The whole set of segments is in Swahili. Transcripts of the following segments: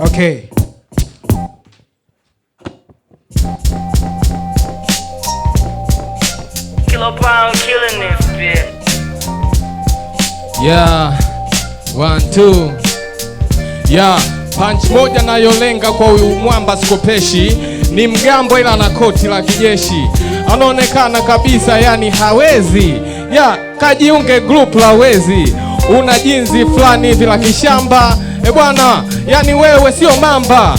Okay. Yeah. One, two. Yeah. Punch moja nayolenga kwa huyu mwamba ni mgambo ila na koti la kijeshi, anaonekana kabisa yani hawezi ya yeah. Kajiunge group la wezi, una jinzi fulani hivi la kishamba e bwana, yani wewe sio mamba,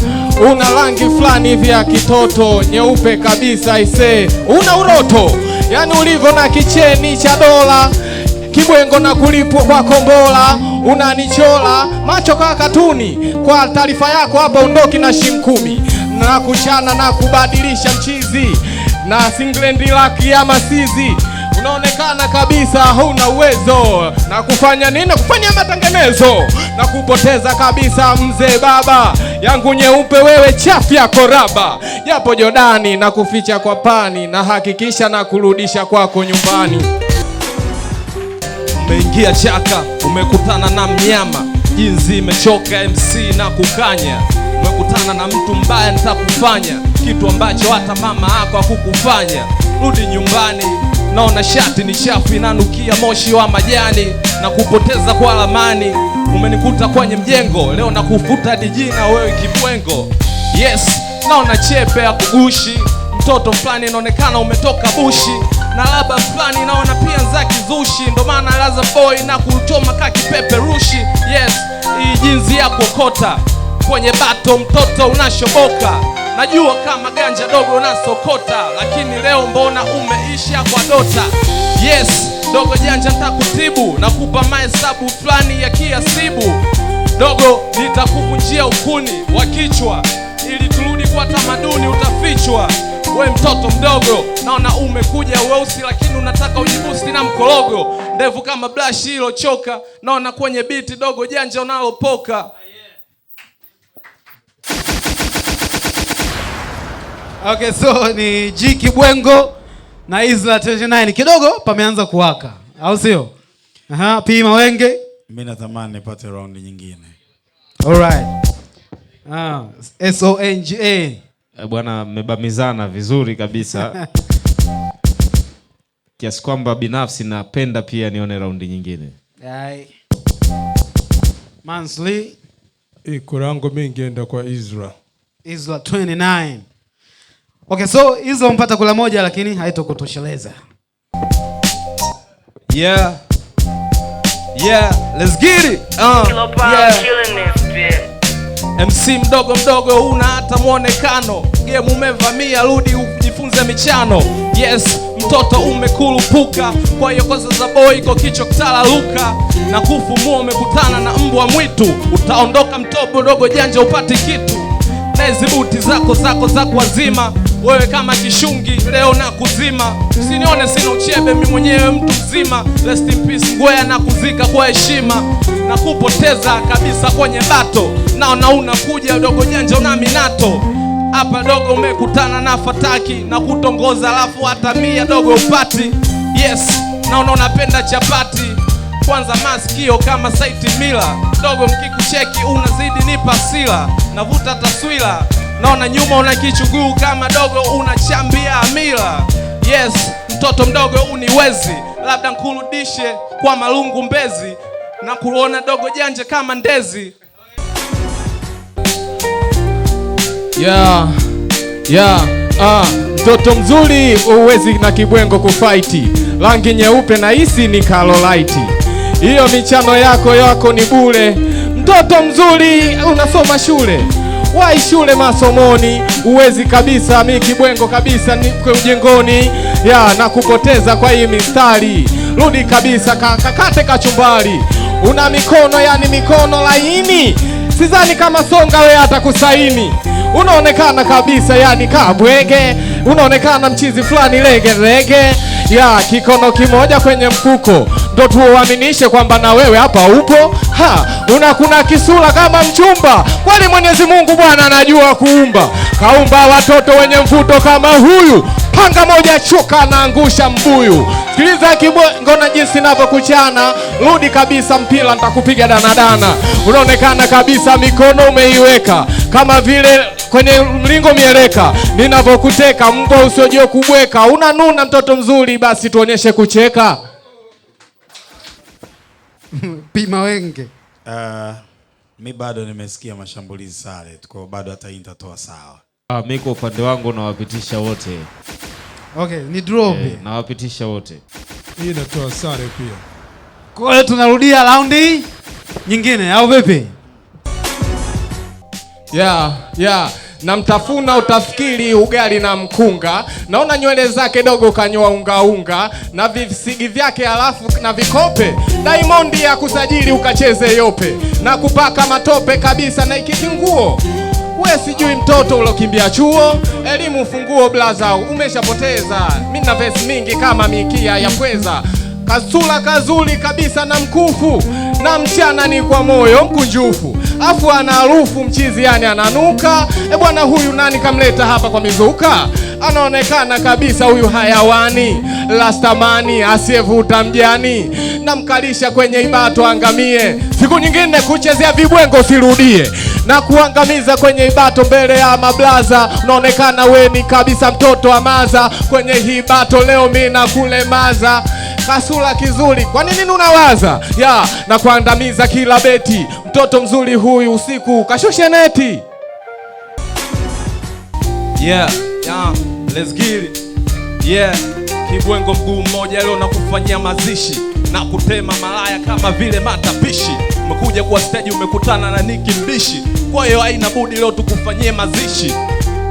una rangi fulani hivi ya kitoto nyeupe kabisa ise, una uroto yani ulivyo na kicheni cha dola kibwengo na kulipwa kwa kombola, unanichola macho kwa katuni. Kwa taarifa yako hapa, undoki na shilingi kumi na kuchana na kubadilisha mchizi na singlendi laki ya masizi unaonekana kabisa huna uwezo na kufanya nini, na kufanya matengenezo na kupoteza kabisa, mzee baba yangu nyeupe, wewe chafya koraba, japo Jordani na kuficha kwa pani, na hakikisha na kurudisha kwako nyumbani. Umeingia chaka, umekutana na mnyama jinsi, imechoka MC na kukanya, umekutana na mtu mbaya, nitakufanya kitu ambacho hata mama yako hakukufanya. Rudi nyumbani naona shati ni chafu inanukia moshi wa majani na kupoteza kwa ramani. Umenikuta kwenye mjengo leo na kufuta dijina wewe kibwengo. Yes, naona chepe ya kugushi mtoto fulani, inaonekana umetoka bushi na laba fulani, naona pia nzaki zushi, ndo maana laza boy na kuchoma kaki rushi Yes, hii jinzi ya kuokota kwenye bato, mtoto unashoboka Najua kama ganja dogo unasokota, lakini leo mbona umeisha kwa dota? Yes, dogo janja ntakutibu nakupa mahesabu fulani ya kiasibu. Dogo nitakuvunjia ukuni wa kichwa, ili turudi kwa tamaduni utafichwa. We mtoto mdogo, naona umekuja weusi, lakini unataka ujibusi na mkologo Ndevu kama blashi ilochoka, naona kwenye biti dogo janja unalopoka. Okay, so ni G Kibwengo na Isla 29 kidogo pameanza kuwaka, au sio? Aha, P Mawenge. Mimi natamani nipate round nyingine. All right. Ah, S O N G A. Eh, bwana, mmebamizana vizuri kabisa kiasi kwamba binafsi napenda pia nione raundi nyingine. Ikurango mingi enda kwa Isra. Isra 29. Okay, so hizo mpata kula moja lakini haitokutosheleza. Yeah. Yeah, let's get it. Uh, yeah. MC mdogo mdogo huna hata mwonekano. Game umevamia, rudi ujifunze michano. Yes, mtoto umekulupuka, kwa hiyo kosa za boy iko kutala luka na kufumua, umekutana na mbwa mwitu, utaondoka mtobo dogo janja upati kitu. Nezi buti zako zako zako wazima wewe kama kishungi leo na kuzima, usinione sina uchebe, mimi mwenyewe mtu mzima. Rest in peace Ngwea, na kuzika kwa heshima na kupoteza kabisa kwenye bato, naona unakuja dogo janja una minato hapa dogo, umekutana na fataki na kutongoza, alafu hata mia dogo upati. Yes, naona unapenda chapati kwanza masikio kama saiti mila dogo, mkikucheki unazidi nipa sila, navuta taswira naona nyuma una kichuguu kama dogo, unachambia amila Yes, mtoto mdogo uniwezi, labda nkurudishe kwa Malungu Mbezi na kuona dogo janje kama ndezi. Yeah, yeah, ah, mtoto mzuri uwezi na kibwengo kufaiti, rangi nyeupe na hisi ni kalolaiti, hiyo michano yako yako ni bule Mtoto mzuri unasoma shule wai shule masomoni, uwezi kabisa, mi kibwengo kabisa, niko ujengoni ya na kupoteza kwa hii mistari, rudi kabisa kakate kachumbari, una mikono yani mikono laini, sidhani kama songa we hata kusaini unaonekana kabisa yani kabwege, unaonekana mchizi fulani lege ya kikono kimoja kwenye mfuko ndo tuuaminishe kwamba na wewe hapa upo ha, una kuna kama mchumba. Kwani Mwenyezi Mungu Bwana anajua kuumba, kaumba watoto wenye mvuto kama huyu. Panga moja chuka na angusha mbuyu. Sikiliza na jinsi navyokuchana, rudi kabisa mpira nitakupiga danadana. Unaonekana kabisa mikono umeiweka kama vile kwenye mlingo mieleka, ninavyokuteka mbwa usiojua kubweka, unanuna mtoto mzuri, basi tuonyeshe kucheka pima wenge Uh, mi bado nimesikia mashambulizi sale kwa bado hata hii nitatoa sawa. Uh, mi kwa upande wangu nawapitisha wote. Okay, ni drop. Eh, nawapitisha wote. Hii inatoa sare pia. Kwa hiyo tunarudia raundi nyingine au vipi? Yeah, yeah na mtafuna utafikiri ugali na mkunga, naona nywele zake dogo kanyoa ungaunga na visigi vyake, halafu na vikope. Diamond ya kusajili ukacheze yope na kupaka matope kabisa na ikitinguo We sijui mtoto ulokimbia chuo, elimu funguo blaza, umeshapoteza. Mimi na vesi mingi kama mikia ya pweza, kasula kazuli kabisa na mkufu, na mchana ni kwa moyo mkunjufu afu ana harufu mchizi, yani ananuka. E bwana, huyu nani kamleta hapa kwa mizuka? Anaonekana kabisa huyu hayawani lastamani, asiyevuta mjani, namkalisha kwenye ibato angamie, siku nyingine kuchezea vibwengo sirudie na kuangamiza kwenye ibato mbele ya mablaza. Unaonekana weni kabisa mtoto amaza kwenye hibato, leo mi nakulemaza kasula kizuri, kwa nini unawaza ya na kuandamiza kila beti? Mtoto mzuri huyu usiku kashushe neti. Yeah, yeah, let's get it. Yeah, kibwengo mguu mmoja leo nakufanyia mazishi na kutema malaya kama vile matapishi. Umekuja kwa stage umekutana na Niki Mbishi, kwa hiyo haina budi leo tukufanyie mazishi.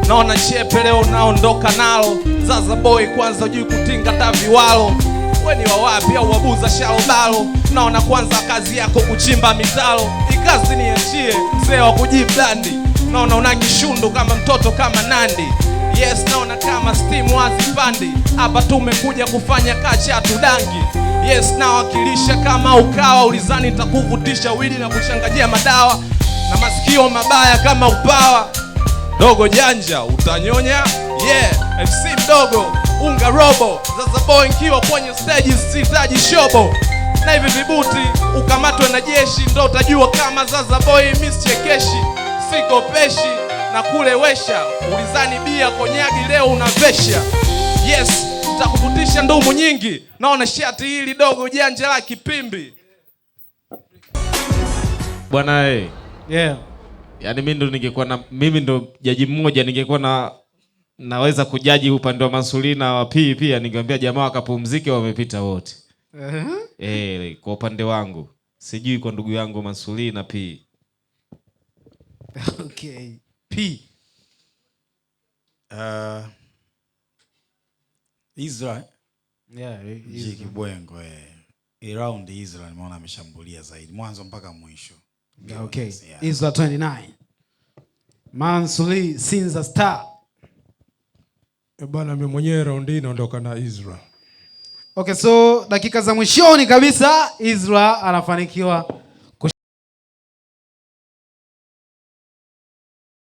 Naona shepe leo unaondoka nalo, Zaza boy kwanza ujui kutinga taviwalo we ni wawapi au wabuza sharobalo? Naona kwanza kazi yako kuchimba mitalo, ikazi niachie mzee wa kujiblandi. Naona unakishundo kama mtoto kama Nandi. Yes, naona kama stimu hazipandi hapa, tumekuja kufanya kacha tudangi Yes, nawakilisha kama ukawa ulizani takuvutisha wili na kuchangajia madawa na masikio mabaya kama upawa dogo janja utanyonya. Yeah, FC mdogo unga robo. Sasa boy, nkiwa kwenye stage sitaji shobo na hivi vibuti, ukamatwe na jeshi, ndo utajua kama Zaza Boy miss chekeshi, siko peshi na kulewesha ulizani bia konyagi, leo unavesha. Yes, takuvutisha ndumu nyingi, naona shati hili dogo janja la kipimbi bwana. Hey. Eh. Yeah. Yaani mimi ndo ningekuwa na mimi ndo jaji mmoja ningekuwa na naweza kujaji upande wa Mansuri na wa P pia, ningeambia jamaa wakapumzike, wamepita wote. uh -huh. E, eh, kwa upande wangu sijui kwa ndugu yangu Mansuri na pii. Okay. Pii. Uh, Israel. Yeah, Israel. Kibwengo eh. Around Israel nimeona ameshambulia zaidi mwanzo mpaka mwisho. Okay. Yeah. Israel 29. Mansuri Sinza Star. Eh, bana, mimi mwenyewe raundi hii naondoka na Isra. Okay, so dakika za mwishoni kabisa Isra anafanikiwa